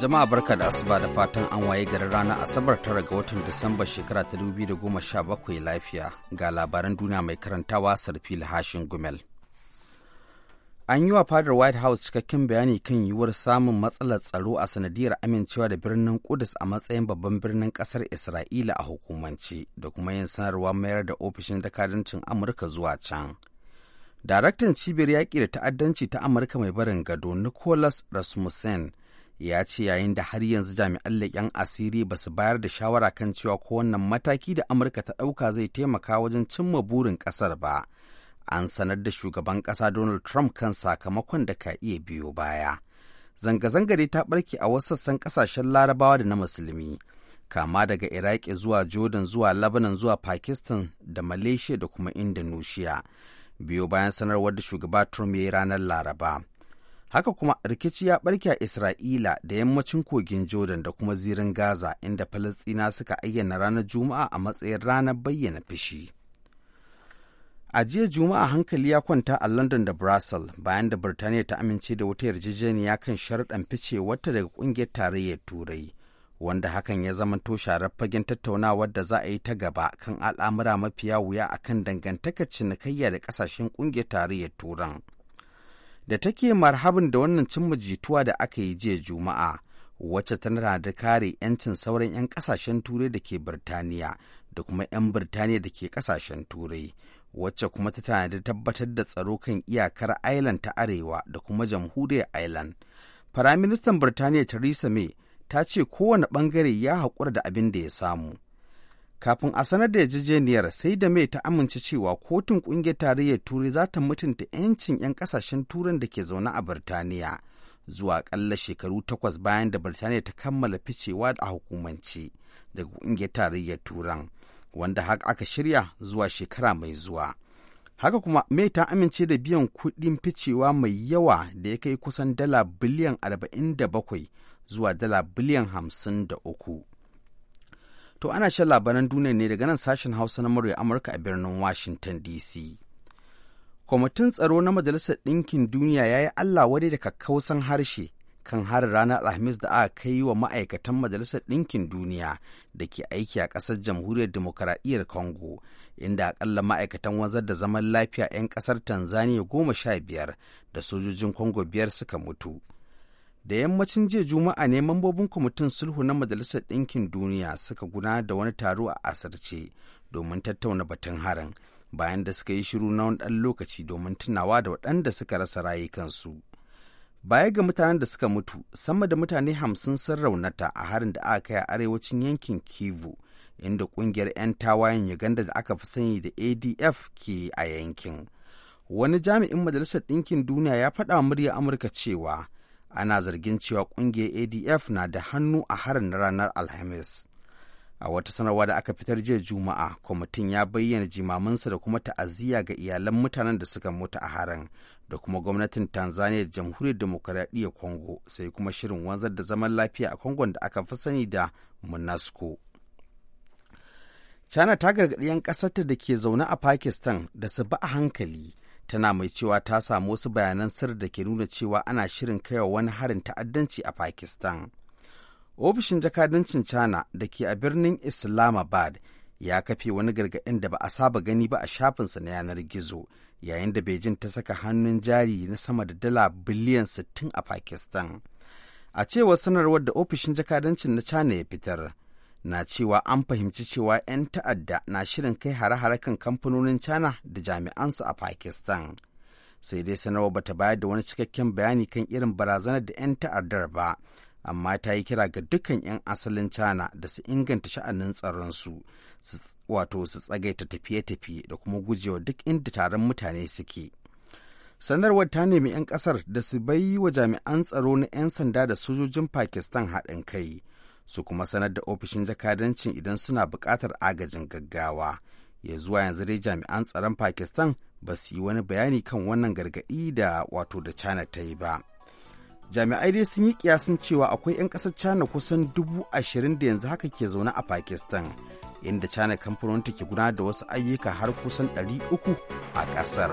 Jama'a barka da asuba da fatan an waye garin ranar Asabar tara ga watan Disamba shekara ta bakwai lafiya ga labaran duniya mai karantawa sarfi lahashin Gumel. An yi wa fadar White House cikakken bayani kan yiwuwar samun matsalar tsaro a sanadiyar amincewa da birnin Kudus a matsayin babban birnin kasar Isra'ila a hukumance da kuma yin sanarwa mayar da ofishin dakadancin Amurka zuwa can. Daraktan cibiyar yaƙi da ta'addanci ta Amurka mai barin gado Nicholas Rasmussen ya ce yayin da har yanzu jami'an leƙen asiri ba su bayar da shawara kan cewa ko wannan mataki da amurka ta ɗauka zai taimaka wajen cimma burin ƙasar ba an sanar da shugaban ƙasa donald trump kan sakamakon da ka iya biyo baya zanga-zanga dai ta ɓarke a wasu sassan ƙasashen larabawa da na musulmi kama daga iraki zuwa jordan zuwa lebanon zuwa pakistan da malaysia da kuma indonesia biyo bayan sanarwar da shugaba trump ya yi ranar laraba Haka kuma rikici ya barke a Isra'ila da yammacin kogin Jordan da kuma zirin Gaza inda Falastina suka ayyana ranar Juma'a a matsayin ranar bayyana fushi. A jiya Juma'a hankali ya kwanta a London da brasil bayan da Birtaniya ta amince da wata yarjejeniya kan fice wata daga ƙungiyar tarayyar Turai, wanda hakan ya zamanto sharar fagen tattaunawar da za a yi ta gaba kan al'amura mafiya wuya akan dangantakar cinikayya da ƙasashen ƙungiyar tarayyar Turan. da take marhabin da wannan cimma jituwa da aka yi jiya juma'a wacce tana da kare 'yancin sauran 'yan kasashen turai da ke birtaniya da kuma 'yan birtaniya da ke kasashen turai wacce kuma ta da tabbatar da tsaro kan iyakar Ireland ta arewa da kuma jamhuriyar Ireland. Firaministan Birtaniya Theresa May ta ce kowane bangare ya haƙura da abin da ya samu kafin a sanar da yarjejeniyar sai da mai ta amince cewa kotun kungiyar tarayyar turai za ta mutunta 'yancin 'yan kasashen turan da ke zaune a birtaniya zuwa ƙalla shekaru takwas bayan da birtaniya ta kammala ficewa a hukumance daga kungiyar tarayyar turan wanda haka aka shirya zuwa shekara mai zuwa haka kuma mai ta amince da biyan kuɗin ficewa mai yawa da ya kai kusan dala biliyan arba'in da bakwai zuwa dala biliyan hamsin da uku. To ana shan labaran duniya ne daga nan sashen Hausa na murya Amurka a birnin Washington DC. Kwamitin tsaro na Majalisar Ɗinkin Duniya ya yi Allah wadai da kakkausan harshe kan harin ranar Alhamis da aka kai wa ma'aikatan Majalisar Ɗinkin Duniya da ke aiki a ƙasar Jamhuriyar dimokuraɗiyyar Congo, inda aƙalla ma'aikatan wanzar da zaman lafiya 'yan ƙasar Tanzania goma sha biyar da sojojin Congo biyar suka mutu. da yammacin jiya juma'a ne mambobin kwamitin sulhu na majalisar ɗinkin duniya suka guna da wani taro a asirce domin tattauna batun harin bayan da suka yi shiru na wani ɗan lokaci domin tunawa da waɗanda suka rasa rayukansu baya ga mutanen da suka mutu sama da mutane hamsin sun raunata a harin da aka kai a arewacin yankin kivu inda ƙungiyar 'yan tawayen uganda da aka fi sani da adf ke a yankin wani jami'in majalisar ɗinkin duniya ya faɗa murya amurka cewa ana zargin cewa kungiyar adf na da hannu a harin na ranar alhamis a wata sanarwa da aka fitar jiya juma'a kwamitin ya bayyana jimaminsa da kuma ta'aziyya ga iyalan mutanen da suka mutu a harin da kuma gwamnatin tanzania da jamhuriyar demokaradiyyar congo sai kuma shirin wanzar da zaman lafiya a congo da aka fi sani da monasco china ta gargaɗi 'yan ƙasarta da ke zaune a pakistan da su ba a hankali tana mai cewa ta samu wasu bayanan sir da ke nuna cewa ana shirin kaiwa wani harin ta'addanci a pakistan ofishin jakadancin china da ke a birnin islamabad ya kafe wani gargaɗin da ba a saba gani ba a shafinsa na yanar gizo yayin da beijing ta saka hannun jari na sama da dala biliyan 60 a pakistan a cewar sanarwar da ofishin jakadancin na china ya fitar na cewa an fahimci cewa 'yan ta'adda na shirin kai hare-hare kan kamfanonin China da jami'ansu a Pakistan. Sai dai sanarwa bata bayar da wani cikakken bayani kan irin barazanar da 'yan ta'addar ba, amma ta yi kira ga dukkan 'yan asalin China da su inganta sha'anin tsaronsu, wato su tsagaita tafiye-tafiye da kuma gujewa duk inda taron mutane suke. sanarwar ta nemi 'yan kasar da su bai wa jami'an tsaro na 'yan sanda da sojojin pakistan haɗin kai su kuma sanar da ofishin jakadancin idan suna buƙatar agajin gaggawa ya zuwa yanzu dai jami'an tsaron pakistan ba su yi wani bayani kan wannan gargaɗi da wato da china ta yi ba jami'ai dai sun yi kiyasin cewa akwai 'yan ƙasar china kusan dubu ashirin da yanzu haka ke zaune a pakistan inda china kamfanonta ke gudanar da wasu ayyuka har kusan 300 a ƙasar.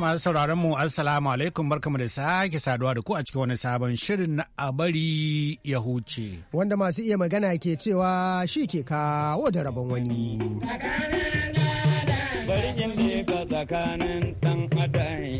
masu sauraron mu assalamu alaikum barkamu da sake saduwa da ku a cikin wani sabon shirin na a bari ya huce. Wanda masu iya magana ke cewa shi ke kawo da rabon wani. Bari in tsakanin dan adai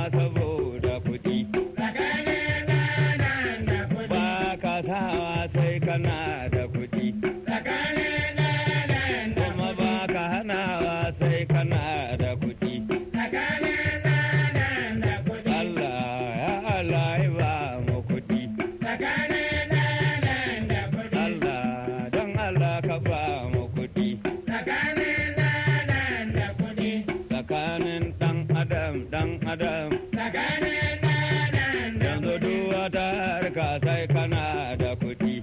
da yanzu duwa ta harka sai kana da kuɗi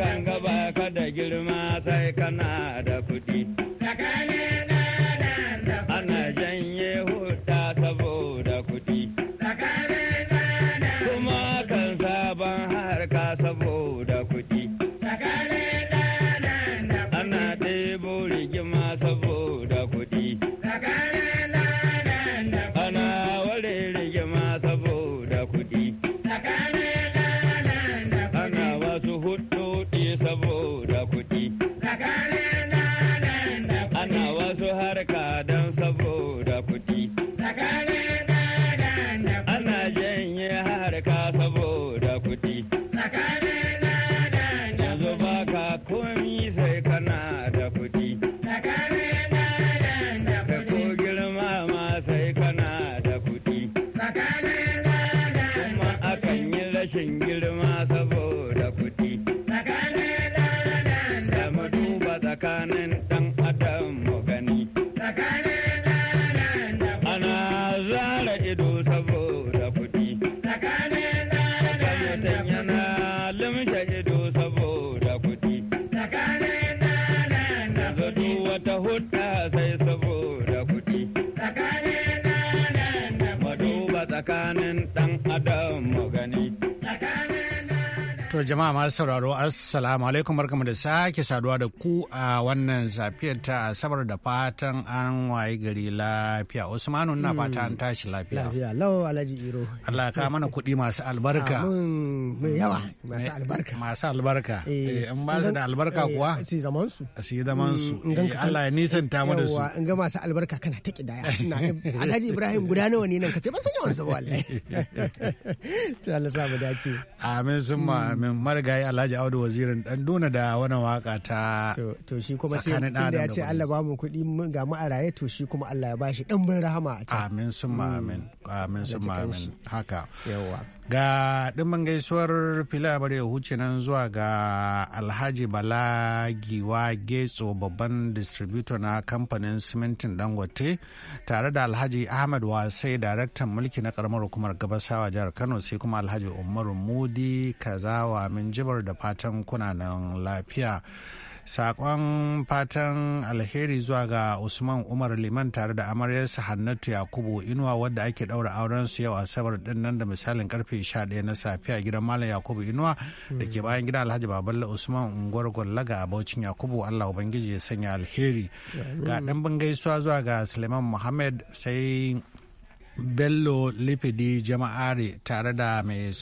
kan gaba ka da girma sai kana da kuɗi ana janye huɗa saboda kuɗi kuma kan sabon harka saboda rashin girma saboda kuɗi. Tsakanin ɗan da tsakanin adam mu gani. da ana zara ido saboda kuɗi. Tsakanin da yana limshe ido saboda kuɗi. Tsakanin da wata hudda sai saboda kuɗi. Tsakanin ɗan da tsakanin ɗan adam jama'a masu sauraro assalamu alaikum barkamu da sake saduwa da ku a wannan safiyar ta asabar da fatan an waye gari lafiya usmanu na fata an hmm. tashi lafiya lafiya lau alhaji iro Allah ka mana kuɗi masu albarka mai yawa masu albarka masu albarka eh. Eh, in ba su da albarka kuwa eh, su zaman su su zaman su Allah ya nisanta mu da su in ga masu albarka kana ta kidaya alhaji ibrahim guda nawa ne nan kace ban san yawan sa ba wallahi to Allah sa mu dace amin summa amin marigayi Alhaji Audu wazirin dan duna da wannan waka ta to shi kuma sai tunda ya ce Allah ba mu kuɗi ga mu a raye to shi kuma Allah ya bashi dan bin rahama a ta amin summa mm. amin amin summa amin haka yawa ga dimbin gaisuwar fila bare huce nan zuwa ga Alhaji Bala Giwa Getso babban distributor na kamfanin simintin Dangote tare da Alhaji Ahmad Wasai daraktan mulki na karamar hukumar Gabasawa jihar Kano sai kuma Alhaji Umaru Mudi Kazawa min jibar da fatan kunanan lafiya sakon fatan alheri zuwa ga usman umar liman tare da amaryarsa hannatu yakubu inuwa wadda ake daura auren su yau asabar din nan da misalin karfe 11 na safiya gidan malam yakubu inuwa da ke bayan gidan alhaji baballa usman unguwar gwallaga a baucin yakubu allah ubangiji ya sanya alheri ga ɗan gaisuwa zuwa ga suleiman muhammad sai Bello Lipidi Jama'are tare da mai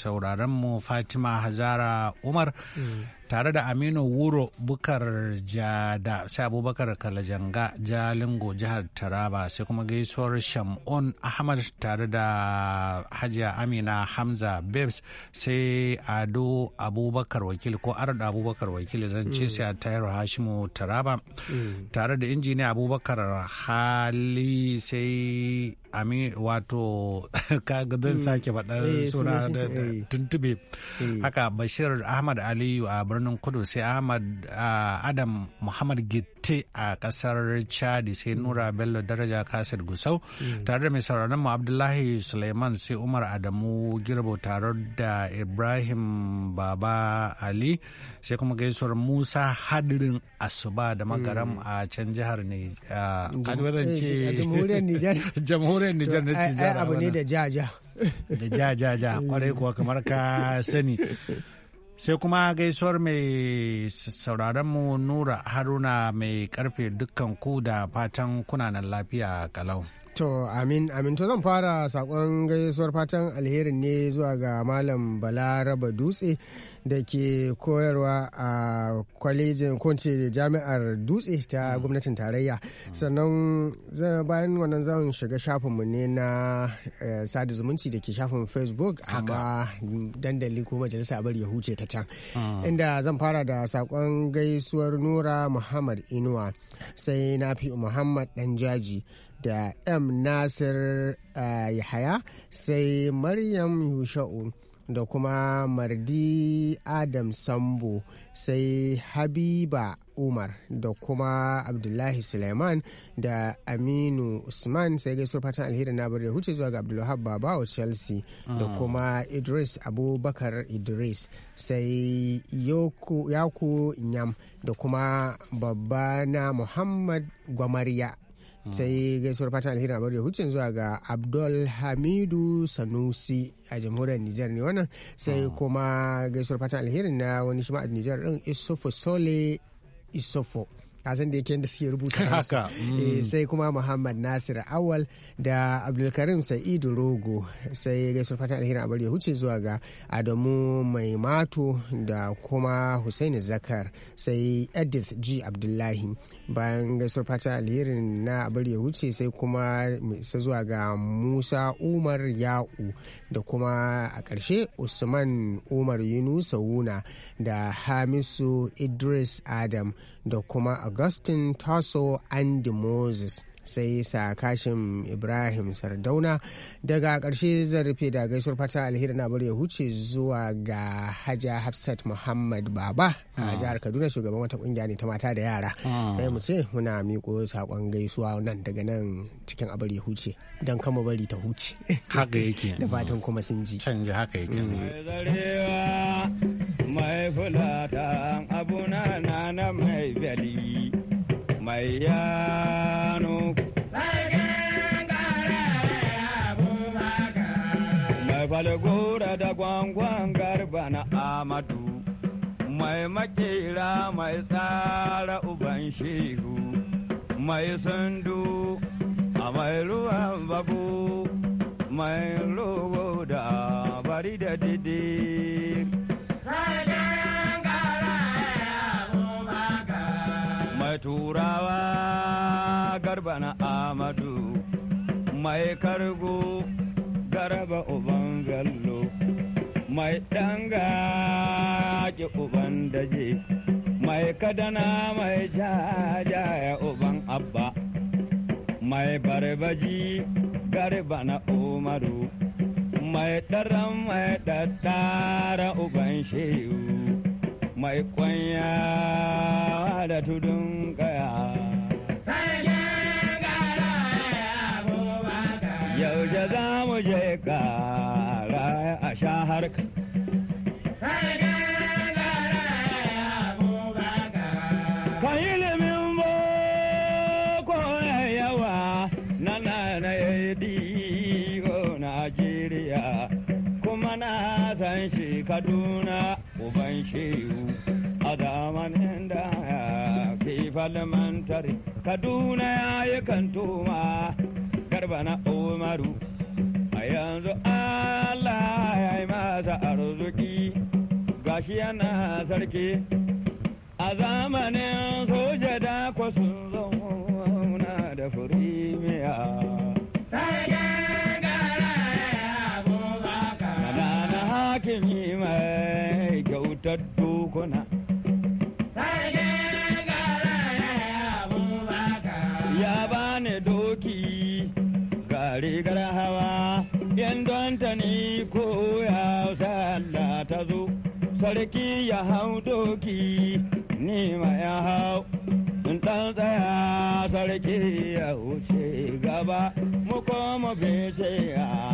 mu Fatima Hazara Umar mm. tare da aminu wuro bukar jada sai abubakar kalajanga jalingo jihar taraba sai kuma gaisuwar shamun ahmad tare da hajiya amina hamza babes sai ado abubakar wakil ko arda abubakar wakil zan ce mm. sai a tayar hashimu taraba mm. tare da injiniya abubakar hali sai ami wato kaga zan mm. sake faɗa eh, suna tuntube eh. eh. haka bashir ahmad aliyu a birnin kudu sai ahmad adam muhammad gitte a kasar chadi sai nura bello daraja kasir gusau hmm. tare da mai sauraron mu abdullahi suleiman sai umar adamu girbo tare da ibrahim baba ali sai kuma gaisuwar musa hadirin asuba da magaram hmm. a can jihar ne eh, jamhuriyar nijar na ce abu ne da jaja da jaja kwarai kuwa kamar ka sani sai kuma gaisuwar mai sauraronmu nura haruna mai karfe dukkan ku da fatan kunanan lafiya kalau To amin amin to zan fara sakon gaisuwar fatan alherin ne zuwa ga Malam Balaraba Dutse da ke koyarwa a kwalejin kunce jami'ar Dutse ta gwamnatin tarayya. Sannan bayan wannan zan shiga shafinmu ne na eh, sada zumunci da ke shafin Facebook amma dandali ko majalisa bar ya huce ta can. Ah. Inda zan fara da sakon gaisuwar Nura Muhammad Inuwa sai na fi Muhammad ɗan jaji. da m nasir yahaya sai maryam yusha'u da kuma mardi adam sambo sai habiba umar da kuma abdullahi suleiman da aminu usman sai gaisuwar fatan alheri na bari huce zuwa ga abdullahab babawa chelsea da ah. kuma idris abubakar idris sai yaku nyam da kuma babba na muhammad gwamariya sai gaisuwar fatan alheri a bari hucin zuwa ga abdul hamidu sanusi a jamhuriyar nijar ne wannan sai ah. kuma gaisuwar fatan alheri na wani shima a nijar din isofo sole isofo san da yake da suke rubuta haka mm. eh, sai kuma muhammad nasir awal da abdulkarim sa'idu rogo sai gaisuwar fata alherin abar ya huce zuwa ga adamu mai mato da kuma hussein zakar sai edith g abdullahi bayan gaisuwar fata alherin na abar ya huce sai kuma zuwa ga musa umar ya'u da kuma a ƙarshe usman umar yunusa wuna da hamisu idris adam da kuma Augustine taso andy moses sai sa sakashin ibrahim sardauna daga karshe zan da gaisuwar fata alheri na bari ya huce zuwa ga haja hafsat muhammad baba a ah. jihar kaduna shugaban wata kungiya ne ta mata da yara ah. sai mu ce muna miko sakon gaisuwa nan daga nan cikin abar ya huce don kama bari ta huce haka yake da fatan kuma sun ji canji haka yake mm. mai fulata mai mai yano mai falgora da gwangwan garba na amadu mai makera mai tsara uban shehu mai sandu a mai ruwan babu mai rogo da bari da didi mai tura garba na amadu mai kargo garba uban gallo mai danga ki uban daje mai kadana mai jajaya uban abba mai barbaji garba na umaru mai ɗaran mai dattara uban shehu mai kwanya da tudun kaya da za mu je kara a sha harka. Ka ilimin boko yawa na na na digo Najeriya kuma na san shi Kaduna uban shehu a zamanin ya ke falmantari Kaduna ya yi kantoma garba na Umaru. yanzu Allah ya yi masa arziki gashi yana sarki a zamanin soja da kwasu zauna da firimiya sarki ya hau doki ni ma ya hau in ɗan tsaya sarki ya wuce gaba mu koma sai ya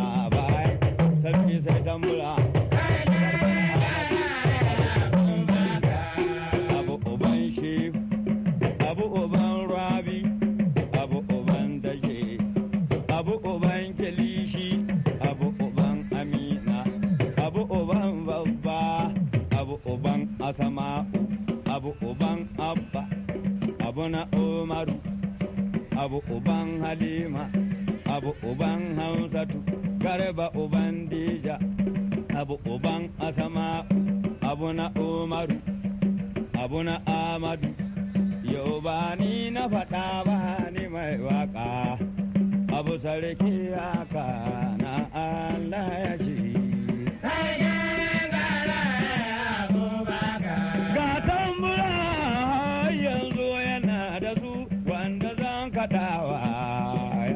bawa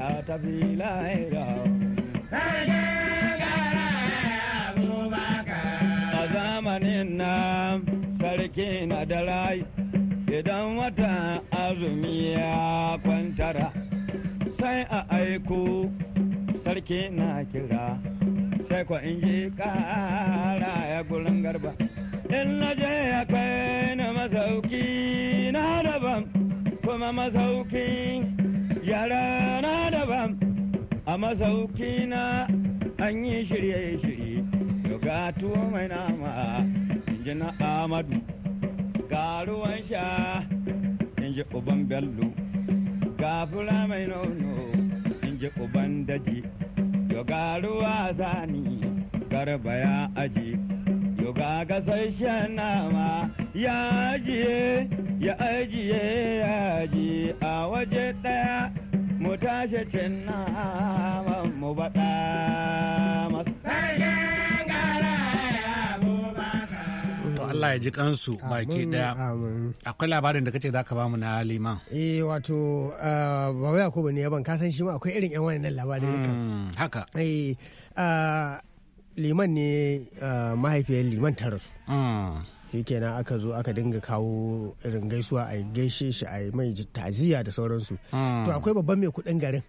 ya zamanin na sarki na da rai idan wata azumi ya kwantara sai a aiko sarki na kira sai ko in ji kara ya gurin garba. In na je ya kai na masauki na daban kuma masauki yara na daban a masauki na an yi shirye-shirye ga tuwo mai nama inji na amadu ga ruwan sha inji uban bello ga fura mai nono inji uban daji ga ruwa sani garba ya aji yoga gasashen nama ya ajiye ya ajiye ya ajiye a waje ɗaya cin baɗa masu. Allah ya ji kansu baki daya. Akwai labarin da kace za ka bamu na liman. Eh wato ah, Baba ko ne yaban san shi ma akwai irin yan wannan labarin mm, Haka. Eh ah, liman ne ah, mahaifiyar liman ta rasu. Mm. shikenan aka zo aka dinga kawo irin gaisuwa a gaishe shi a mai taziya da sauransu hmm. to akwai babban mai kuɗin garin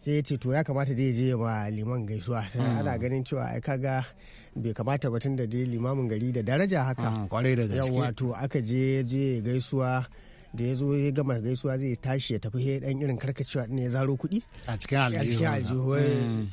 sai ya ce to ya kamata zai je ma liman gaisuwa hmm. ana ganin cewa ai kaga bai kamata batun da dai limamin gari da daraja haka kwarai hmm, da gaske yawa to aka je je gaisuwa da ya zo ya gama gaisuwa zai tashi ya tafi dan irin karkacewa ne ya zaro kuɗi a cikin aljihu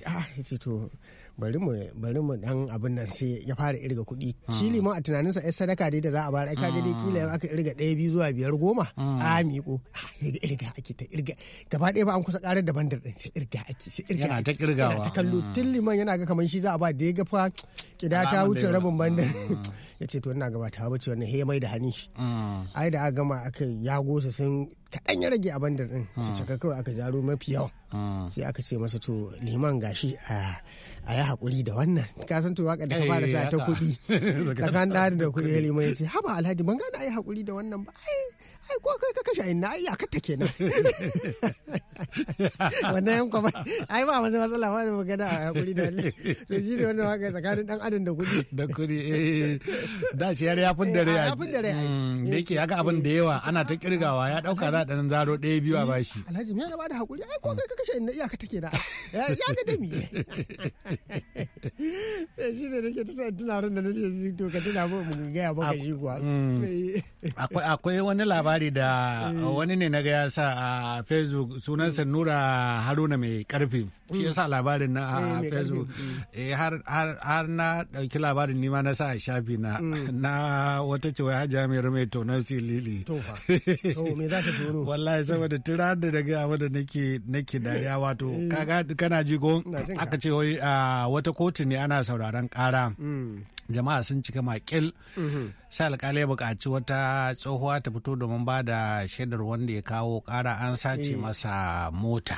ah, a ce to bari mu bari mu dan abin nan sai ya fara irga kuɗi ah. shi liman a tunaninsa ai sadaka dai da za a bayar ai kaga dai ah. kila aka irga 1 2 zuwa biyar goma ah. a miƙo irga irga ake ta irga gaba ɗaya ba an kusa ƙarar da bandar ɗin sai irga ake sai irga yana ta kirgawa ta kallo tun liman yana ga kamar shi za a ba da ya ga fa kida ta wuce rabin bandar ya ce to ina gaba ta wuce wannan he mai da hannun shi ai da aka gama aka yago su sun kaɗan ya rage a bandar ɗin su cika kawai aka jaro mafi yawa Mm. sai aka ce masa to liman gashi a yi haƙuri da wannan ka san to waka da ka fara sa ta eh, kuɗi ka kan da da kuɗi ya liman ya ce haba alhaji ban gana a yi haƙuri da wannan ba ai ko kai ka kashe a ina ya akar ta nan wannan yan kwa ai ba wani matsala ba da magana a haƙuri da wannan da shi ne wannan waka tsakanin dan adam da kuɗi da kuɗi eh da shi yar ya fin dare eh, ya fin dare mm, da yake ya ga eh, abin da yawa ana ta kirgawa ya dauka za dan zaro ɗaya biyu a bashi alhaji me ya ba da haƙuri ai ko mm. kai ka harshen na iyaka take na ya ga dami eh shi ne nake tasa tunarin da nake ji to ka tuna mu mu ga ba shi kuwa mm. eh. akwai akwai wani labari da eh. wani ne naga ya sa a Facebook sunansa mm. Nura Haruna mai karfi shi ya sa mm. labarin na a eh, Facebook har har na dauki labarin nima na sa a shafi na na wata ce wai Hajiya mai rume tonan silili to fa to me za ka tono wallahi saboda tirar da daga abin da nake nake dariya wato kaga kana ji ko aka ce wai ah, wata kotu ne ne ana sauraron ƙara jama'a sun cika makil sai alkali ya buƙaci wata tsohuwa ta fito domin ba da shaidar wanda ya kawo ƙara an sace eh. masa mota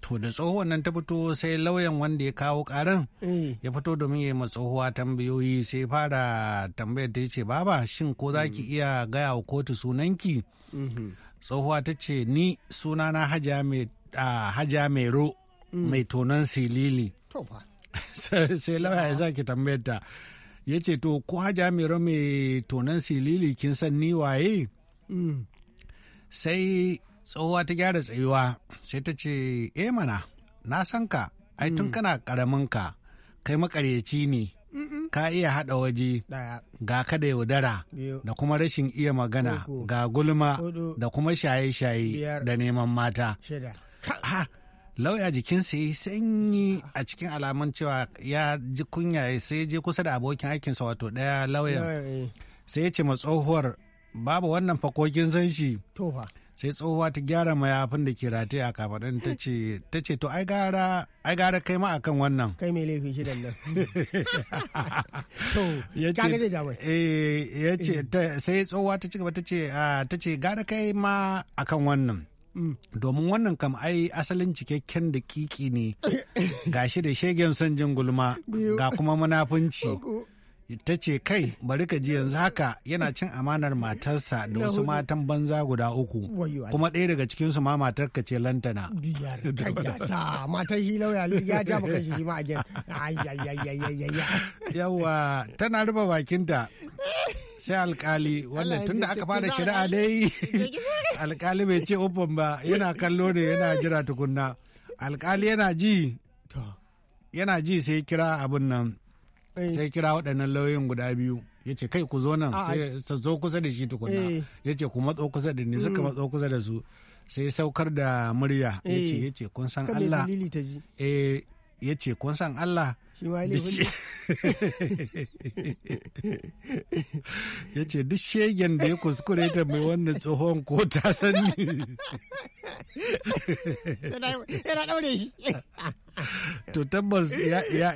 to da tsohuwan nan ta fito sai lauyan wanda ya kawo ƙaran eh. ya fito domin ya yi tsohuwa tambayoyi sai fara tambayar ta ce baba shin ko za ki mm. iya gaya wa kotu sunanki mm-hmm. tsohuwa ta ce ni sunana hajja mai ah, mm. mai tonon silili sai lawa ya sake tambayar ta ya ce to ko haja mai mai tonan silili kin san ni waye hmm. sai tsohuwa ta gyara tsayuwa sai ta ce eh mana na san ka ai tun hmm. kana karamin ka kai makaryaci ne ka iya haɗa waje ga da yaudara da kuma rashin iya magana ga gulma da kuma shaye-shaye da neman mata lauya jikinsa ya sanyi a cikin alamun cewa ya ji kunya sai je kusa da abokin aikinsa wato ɗaya lauyan eh, eh. sai ya ce ma tsohuwar babu wannan fakokin zan shi sai tsohuwa ta gyara mayafin da ke rataye a kafaɗin ta ce ta ce to ai gara kai ma akan wannan kai mai laifin shi dan to kaga zai jama'a eh sai tsohuwa ta ci gaba ta ce ah, ta ce gara kai ma akan wannan domin wannan kam ai asalin cikakken da kiki ne shi da shegen son jin gulma ga kuma munafunci ta ce kai bari ka ji yanzu haka yana cin amanar matarsa da wasu matan banza guda uku kuma ɗaya daga cikinsu ma matar ka ce lantana biyar matar hilau ya ja maka shi ma yawa tana rufe bakinta sai alkali wanda tun da aka fara shari'a dai alkali bai ce uban ba yana kallo ne yana jira tukunna alkali yana ji yana ji sai kira abin nan Eh. sai kira waɗannan lauyoyin guda biyu ya ce kai ku zo nan ah, sai ah. zo kusa da shi tukuna eh. ya ce ku matso kusa da ni suka mm. matso kusa da su sai saukar da murya ya ce eh. ya ce kun san Allah eh ya ce kun san Allah ya ce duk shegen da ya kuskure ta mai wannan tsohon ko ta sani yana daure shi wato tabbas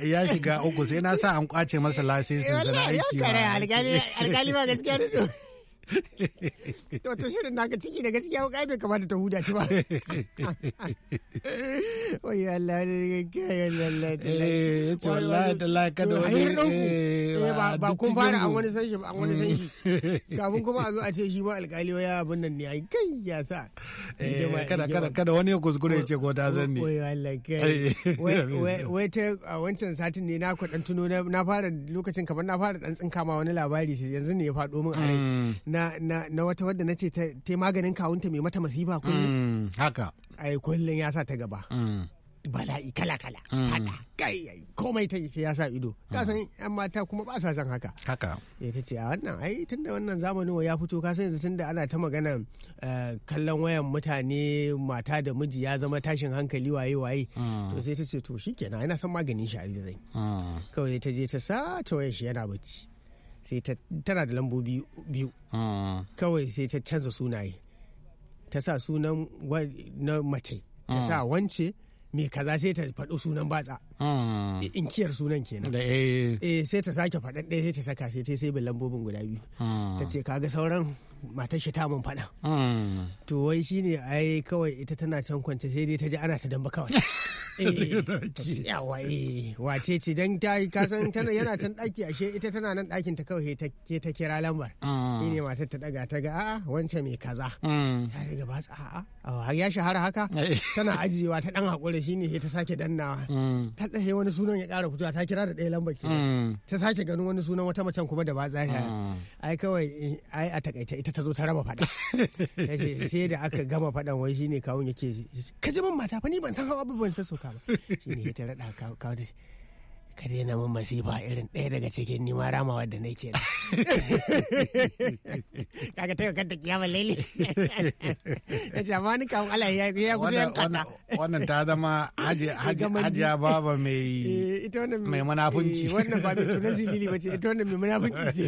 ya shiga uku sai na sa an kwace masa lasisin sana aiki ba alkali ba gaskiya to to shirin naka ciki da gaskiya wuka bai kamata ta huda ci ba wai Allah ne kai Allah eh to wallahi da la kada wani eh, eh, ba kun fara an wani san shi an wani san shi kafin kuma a zo a ce shi ma alkali ya abin nan ne ai kai ya sa eh, kada kada kada wani ya kuskure ya ce ko ta san ne wai Allah kai wai ta a wancan satin ne na ku dan tuno na fara lokacin kamar na fara dan tsinka ma wani labari yanzu ne ya faɗo min a rai hmm. na, na, na wata wadda na ce ta, yi maganin kawunta mai mata masifa kullum. Mm, haka. Ai kullum ya sa ta gaba. Mm. bala'i kala-kala mm. fada kai komai ta sai ya sa ido san yan mata kuma ba sa son haka haka ya eh, ta ce a wannan ai da wannan zamanin ya fito san yanzu tun da ana ta magana eh, kallon wayan mutane mata da miji ya zama tashin hankali waye waye to sai ta ce to shikenan ina son maganin shi a zai kawai ta je ta sa ta wayar shi yana bacci sai ta tana da lambobi biyu hmm. kawai sai ta canza sunaye ta sa sunan na mace ta sa hmm. wance mai kaza sai ta faɗo sunan batsa hmm. inkiyar sunan kenan e sai ta sake faɗa ɗaya sai ta saka sai ta sai lambobin guda biyu ta ce kaga sauran matar shi ta mun faɗa to wai shine ai kawai ita tana can kwance sai dai ta ji ana ta damba kawai Eh. yawa eh wace ce dan ta kasan tana yana can ɗaki ashe ita tana nan dakin ta kawai ta ke ta kira lambar ah. ni ne matar ta daga ta ga a'a wance mai kaza mm. ya riga ba a'a ya shahara haka eh. tana ajiyewa ta dan hakuri shine ta sake dannawa mm. ta ɗaya wani sunan ya kara fitowa ta kira da ɗaya lambar ke mm. ta sake ganin wani sunan wata macen kuma da ba za tsaya ai kawai ai a takaice ita ta zo ta raba faɗa sai da aka gama faɗan wai shine kawun yake ka ji min mata fa ni ban san hawa ba ban san soka ba shine ya ta raɗa kawo da ka daina min masifa irin ɗaya daga cikin nima ramawa da nake da kaga ta kanta kiyama laili ya ce amma ni kawo Allah ya ya kusa yan kata wannan ta zama hajiya baba mai eh, mai manafunci eh, wannan ba da tunan silili ba ce ita wannan mai manafunci ce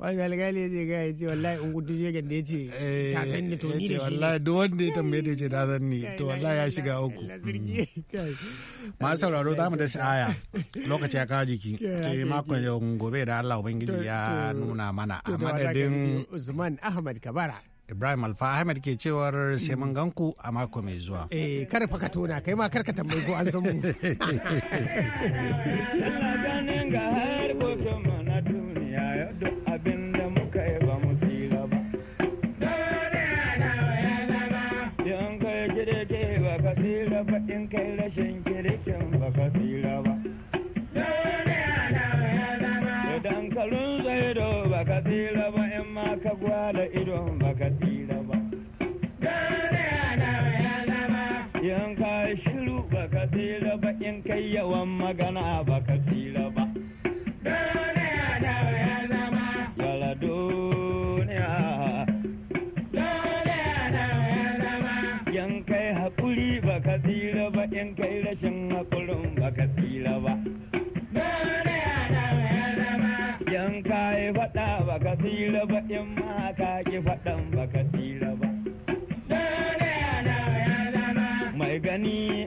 wani alƙali ya ce ga ya ce wallahi in gudu je da ya ce ta eh, san ni to ni da shi wallahi duk wanda ya tambaye da ya ce ta san ni to wallahi ya shiga uku mm. masu sauraro za mu da sa'a baya lokaci ya kawo jiki ce makon gobe da Allah ubangiji ya nuna mana a madadin Usman Ahmad Kabara Ibrahim Alfa Ahmed ke cewar sai mun ganku a mako mai zuwa. Eh kar fa ka tona kai ma kar ka tambayi ko an san mu. baka ba ka shiru baka tsira ba in kai yawan magana baka tsira ba in ka yi faɗa ba ka tsira ba in ma ka ki faɗan ba ka tsira ba. Mai gani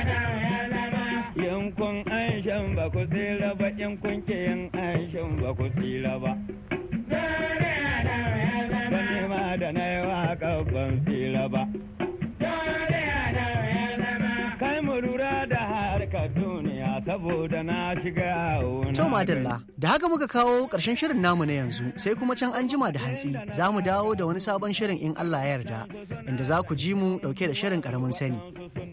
yankun aishan ba ku tsira ba in ke Aishan ba ku tsira ba. Dole ma da na yi waka ban tsira ba. Kai mu lura da harkar duniya saboda na shiga To madalla, da haka muka kawo ƙarshen shirin namu na yanzu sai kuma can an jima da hantsi za mu dawo da wani sabon shirin in Allah ya yarda inda za ku ji mu ɗauke da shirin ƙaramin sani.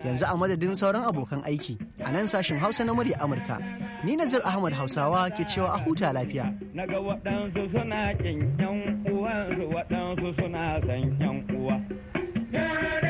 yanzu a madadin sauran abokan aiki a nan sashen hausa na murya amurka ni nazir ahmad hausawa ke cewa a huta lafiya naga waɗansu suna kin yan waɗansu suna san yan uwa